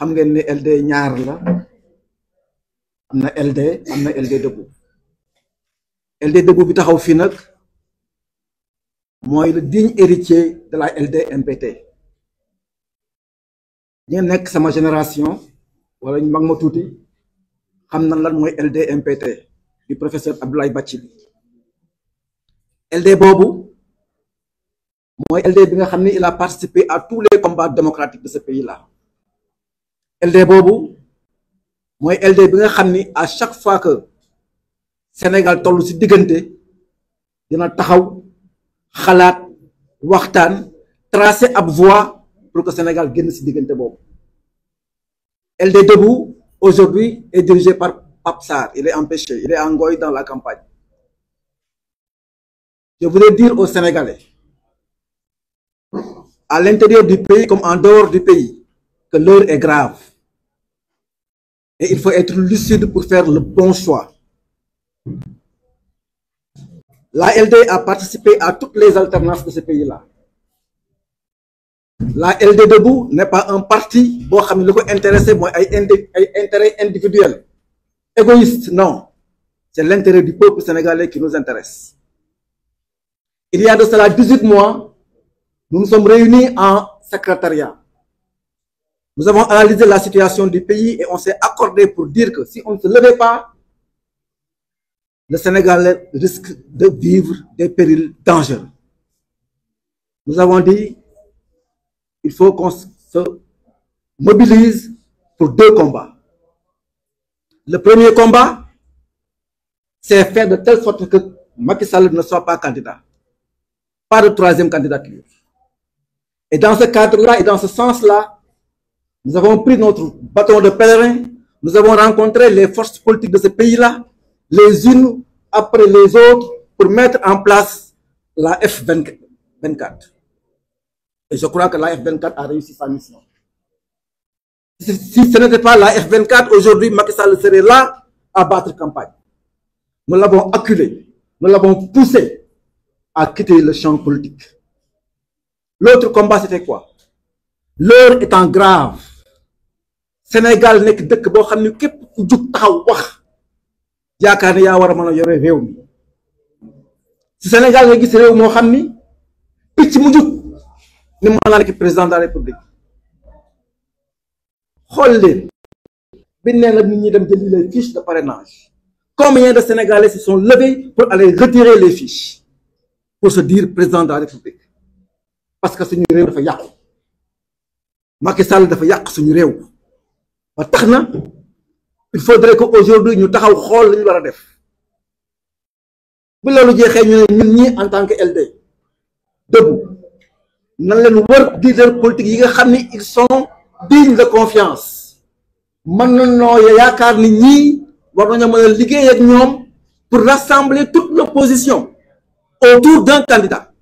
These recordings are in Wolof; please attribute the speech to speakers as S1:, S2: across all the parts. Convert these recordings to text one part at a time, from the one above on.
S1: xam ngeen ne LD ñaar la LD am LD dëggu LD dëggu bi taxaw fii le digne héritier de la LD MPT suis nekk sama génération wala ñu mag ma tuuti lan LD MPT du professeur Abdoulaye LD LD bi il a participé à tous les combats démocratiques de ce pays là LD à moi LD bi nga Sénégal à chaque fois que Sénégal un ci y dina un xalaat waxtaan tracer voie pour que Sénégal gagne ci LDB, LD aujourd'hui est dirigé par Papsar, il est empêché il est engoyi dans la campagne je voulais dire aux Sénégalais à l'intérieur du pays comme en dehors du pays que l'heure est grave et il faut être lucide pour faire le bon choix. La LD a participé à toutes les alternances de ce pays-là. La LD debout n'est pas un parti qui est intéressé à un intérêt individuel égoïste non c'est l'intérêt du peuple sénégalais qui nous intéresse il y a de cela 18 mois nous nous sommes réunis en secrétariat nous avons analysé la situation du pays et on s'est accordé pour dire que si on ne se levait pas, le Sénégal risque de vivre des périls dangereux. Nous avons dit il faut qu'on se mobilise pour deux combats. Le premier combat, c'est faire de telle sorte que Macky Sall ne soit pas candidat. Pas de troisième candidature. Et dans ce cadre-là et dans ce sens-là, nous avons pris notre bâton de pèlerin, nous avons rencontré les forces politiques de ce pays-là, les unes après les autres, pour mettre en place la F-24. Et je crois que la F-24 a réussi sa mission. Si ce n'était pas la F-24, aujourd'hui, Macky Sall serait là à battre campagne. Nous l'avons acculé, nous l'avons poussé à quitter le champ politique. L'autre combat, c'était quoi L'heure étant grave, Sénégal nek dëkk bo xamni ne képp ku jug taxaw wax yaakaar ne yaa war a mën a yore réew mi ci Sénégal nga gis réew moo xam ni picc mu jug ni mën naa nekk président de la république xool leen bi nee la nit ñi dem jëli les fiches de parrainage combien de Sénégalais se sont levés pour aller retirer les fiches pour se dire président de la république parce que suñu réew dafa yàqu Macky Sall dafa yàq suñu réew Maintenant, il faudrait que aujourd'hui ñu taxaw xool lañu war a def bu loolu jeexee ñu en tant que LD debout nan leen wër leader politique yi ils sont dignes de confiance Maintenant, nous noo yaakaar ni ñii war nañoo mën liggéey ak pour rassembler toute l'opposition autour d'un candidat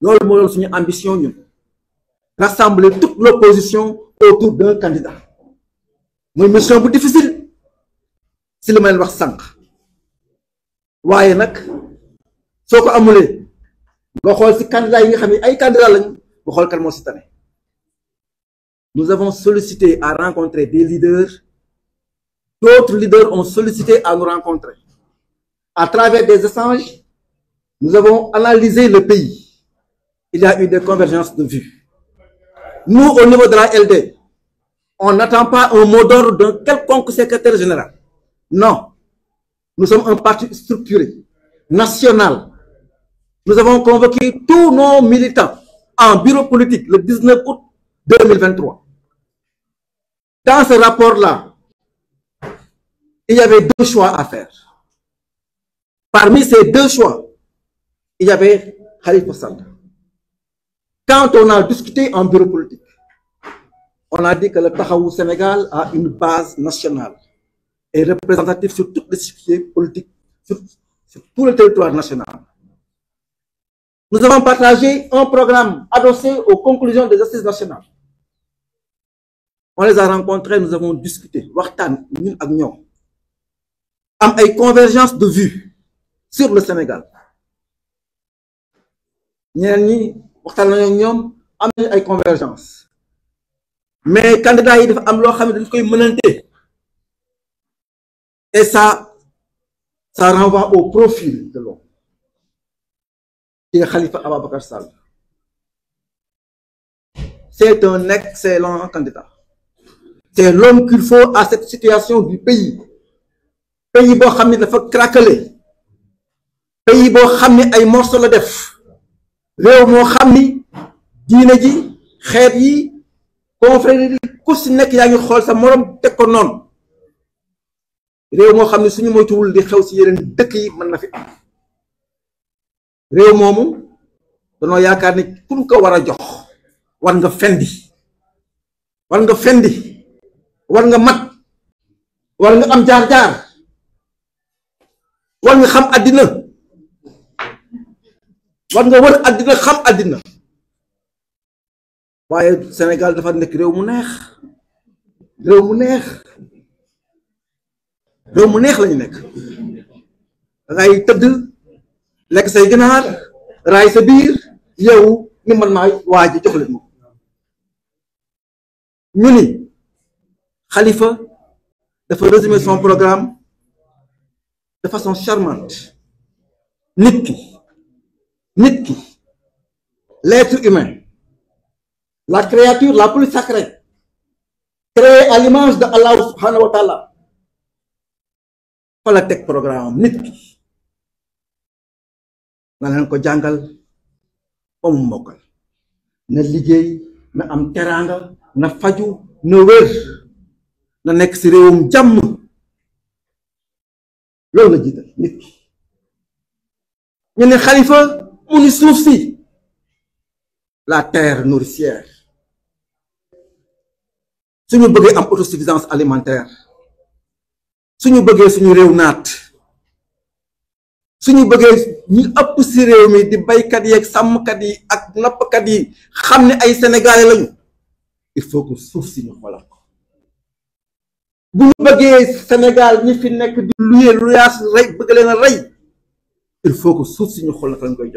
S1: loolu moo doon suñu ambition ñun rassembler toute l'opposition autour d'un candidat une mission difficile si le nous avons sollicité à rencontrer des leaders d'autres leaders ont sollicité à nous rencontrer à travers des échanges nous avons analysé le pays il y a eu des convergences de vues nous au niveau de la LD on n'attend pas un mot d'ordre d'un quelconque secrétaire général. Non. Nous sommes un parti structuré, national. Nous avons convoqué tous nos militants en bureau politique le 19 août 2023. Dans ce rapport-là, il y avait deux choix à faire. Parmi ces deux choix, il y avait Khalifa Ossanda. Quand on a discuté en bureau politique, on a dit que le Tahaou Sénégal a une base nationale et représentative sur toutes les sujets politiques, sur, tout le territoire national. Nous avons partagé un programme adossé aux conclusions des assises nationales. On les a rencontrés, nous avons discuté, waxtaan ñun ak une convergence de vues sur le Sénégal Nous avons une une convergence mais candidat yi dafa am lo xamné dañ koy et ça ça renvoie au profil de l'homme qui est Khalifa ababakar Sall c'est un excellent candidat c'est l'homme qu'il faut à cette situation du pays pays bo xamné dafa craqueler pays bo xamné ay morceaux la def rew mo xamné ni ji yi confrérie ku si nekk yaa ngi xool sa moroom teg ko noonu réew moo xam ne suñu moytuwul di xew si yeneen dëkk yi mën na fi am réew moomu danoo yaakaar ne ku ko war a jox war nga fendi war nga fendi war nga mat war nga am jaar-jaar war nga xam àddina war nga wër àddina xam àddina waaye Sénégal dafa nekk réew mu neex réew mu neex réew mu neex lañu nekk dangay tëdd lekk say ginaar raay sa biir yow ni man naa waa ji jox leen ma ñu ni Khalifa dafa résumer son programme de façon charmante nit ki nit ki l'être humain la créature la plus sacrée, créée à l'image de Allah subhanahu wa taala teg programme nit ki na leen ko jàngal ba mu mbokkal na liggéey na am teraanga na faju na wér na nekk ci réewum jàmm loolu la jiital nit ki ñu ne xalifa mu ni suuf si la terre nourricière Si nous en am autosuffisance alimentaire si nous voulons suñu réew naat nous nous ëpp si nous mi di baykat yi ak yi ak de yi il faut que nous si nous Si nous voulons Sénégal nous fi nekk di luye rey il faut que nous si nous Si nous lañ koy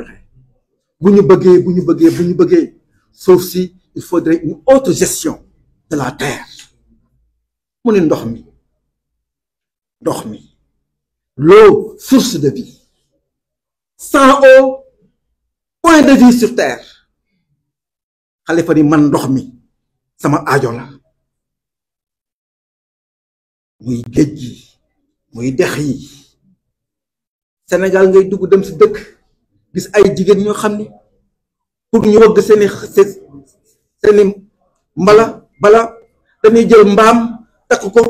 S1: nous voulons, si nous voulons, si il faudrait une autre gestion de la terre on ne l'eau source de vie sans eau point de vie sur terre Khalifa ni man ndox mi sama Sénégal ngay dem tu gis ay je ñoo xamni pour ñu wëgg seeni bala dañuy jël mbaam takk ko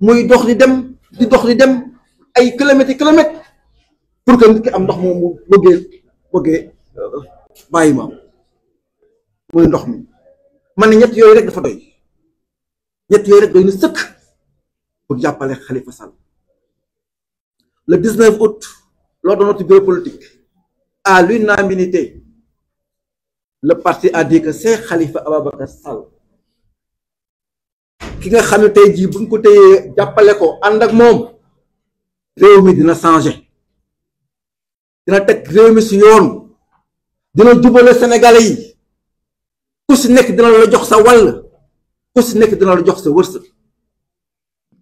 S1: muy dox di dem di dox di dem ay kilomètres yi pour que nit ki am ndox moom mu bëggee euh, bàyyi ma muy ndox mi man ne ñett yooyu rek dafa doy ñett yooyu rek doy na sëkk pour jàppale Khalifa Sall le 19 août lors de notre bureau politique à l'unanimité le parti a dit que xalifa Khalifa Ababacar Sall ki nga xam ne tey jii bu ñu ko téyee jàppale ko ànd ak moom réew mi dina changer dina teg réew mi si yoon dina jubale Sénégalais yi ku si nekk dina la jox sa wàll ku si nekk dina la jox sa wërsëg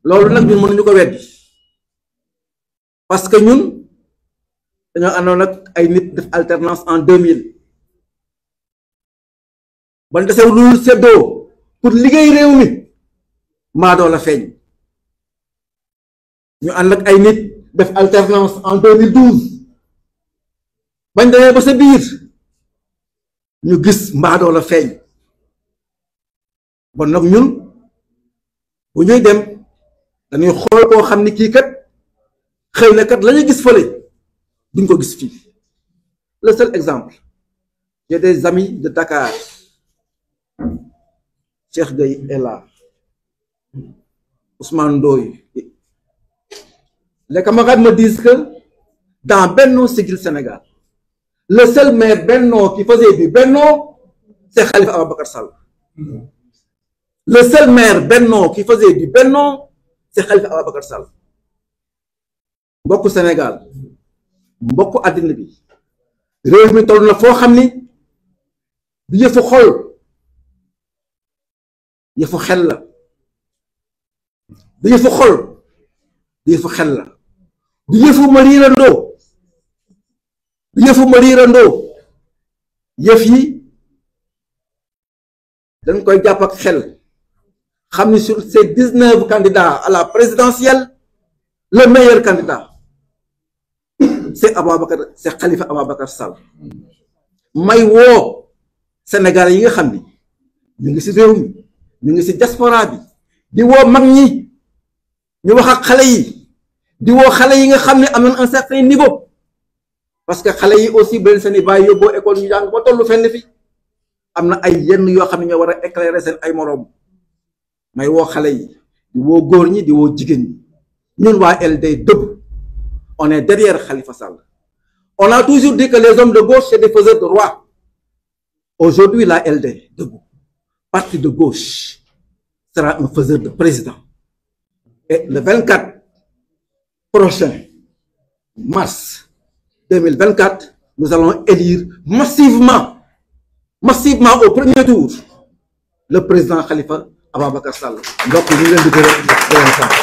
S1: loolu nag ñun mënuñu ko weddi parce que ñun dañoo àndoon ak ay nit def alternance en 2000 ban desew lu séddoo pour liggéey réew mi. Mado la feeñ ñu and ak ay nit def alternance en 2012 bañ de ba sa biir ñu gis la bon nak ñun bu ñuy dem dañuy xol ko xamni ki kat xeyna kat la gis duñ ko le seul exemple j'ai des amis de Dakar Cheikh là Ousmane Ndoye. Les camarades me disent que dans Benno Siggil Sénégal, le seul maire Benno qui faisait du Benno, c'est Khalifa Ababacar Sall. Mm-hmm. Le seul maire Benno qui faisait du Benno, c'est Khalifa Ababacar Sall. mbokku Sénégal mbokku àddina bi réew mi toll na foo xam ni du yëfu xol yëfu xel la. du yëfu xol du yëfu xel la du yëfu ma riirandoo du yëfu ma riirandoo yëf yi dañ koy jàpp ak xel xam ni sur ces dix-neuf à la présidentielle le meilleur candidat c'est Ababacar c'est Khalifa Ababacar Sall may woo Sénégal yi nga xam ni ñu ngi ci réew mi ñu ngi ci diaspora bi di woo mag ñi ñu wax ak xalé yi di wo xalé yi nga xamné un certain niveau parce que xalé yi aussi ben leen seen i bàyyi école ñu jang ba tollu fenn fi amna ay yenn yo xamné ñoo a éclairer sen ay morom may wo xalé yi di wo góor ñi di wo jigéen ñi ñun wa LD on est derrière Khalifa Sall on a toujours dit que les hommes de gauche c'est des faiseurs de roi aujourd'hui la LD debout parti de gauche sera un faiseur de président et le 24 prochain, mars 2024, nous allons élire massivement, massivement au premier tour, le président Khalifa Ababakar Sall. Donc, nous